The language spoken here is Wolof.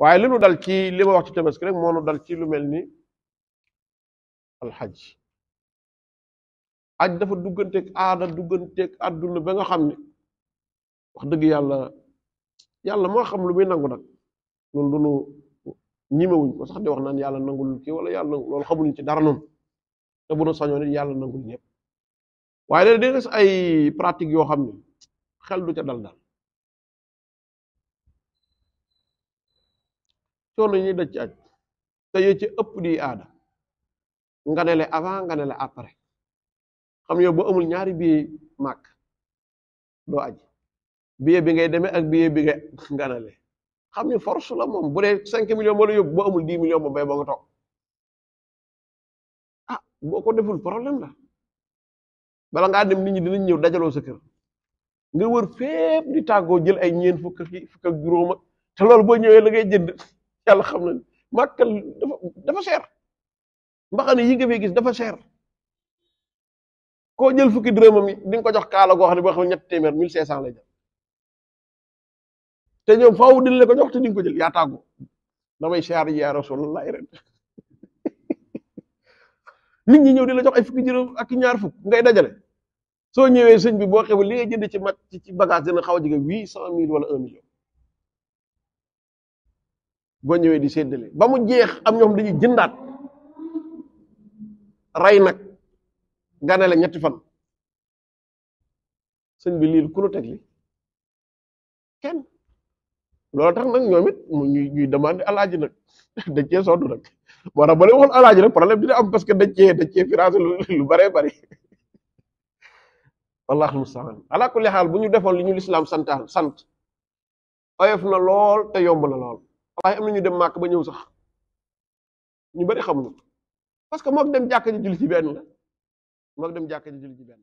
waaye li nu dal ci li ma wax ci tabaski rek moo nu dal ci lu mel ni alxaj aj dafa dugganteeg aada dugganteeg adduna ba nga xam ne wax dëgg yàlla yàlla moo xam lu muy nangu nag loolu du nu ñimewuñ ko sax di wax naan yàlla nangul kii wala yàlla nangu loolu xamuñu ci dara noonu te bu nu sañoon it yàlla nangul ñëpp waaye léeg-léeg da ay pratique yoo xam ne xel du ca dal daal coono yi ñuy daj ci aj te yo ci ëpp di aada nga ne le avant nga après xam yow boo amul ñaari billet màkk doo aj billet bi ngay demee ak billet bi nga nga xam ni force la moom bu dee cinq millions moo la yóbbu boo amul dix millions moom bay ba ah boo ko deful problème la bala ngaa dem nit ñi dinañ ñëw dajaloo sa kër nga wër fépp di tàggoo jël ay ñeent fukk fukk ak juróom te loolu boo ñëwee la ngay jënd yàlla xam na màkkal dafa dafa seer mbaxane yi nga fee gis dafa seer koo jël fukki dërëmam yi di nga ko jox kaala goo xam ne boo xam ne ñetti téeméer mille cinq lay jël te ñoom faaw dina ko jox te di ko jël yaa tàggu damay siyaar ji yaa rasulallah ren nit ñi ñëw di la jox ay fukki dërëm ak ñaar fukk ngay dajale soo ñëwee sëñ bi boo xew li ngay jënd ci mat ci bagage dina xaw a jege huit cent mille wala un million bo ñëwé di sédélé ba mu jéx am ñom dañuy jëndaat ray nak ganale ñetti fan señ bi lil ku lu teg li kenn loolu tax nak ñomit mu ñuy ñuy demandé alaaji nak dañ ci sodu nak bo ra balé leen alaaji problème dina am parce que dañ ci dañ ci financé lu lu bare bare wallahu mustaan ala kulli hal bu ñu li ñu l'islam santal sant oyof na lool te yomb na lool waaye am na ñu dem màkk ba ñëw sax ñu bari xamuñu parce que mook dem jàkk ji julli ci benn la mook dem jàkk ji julli ci benn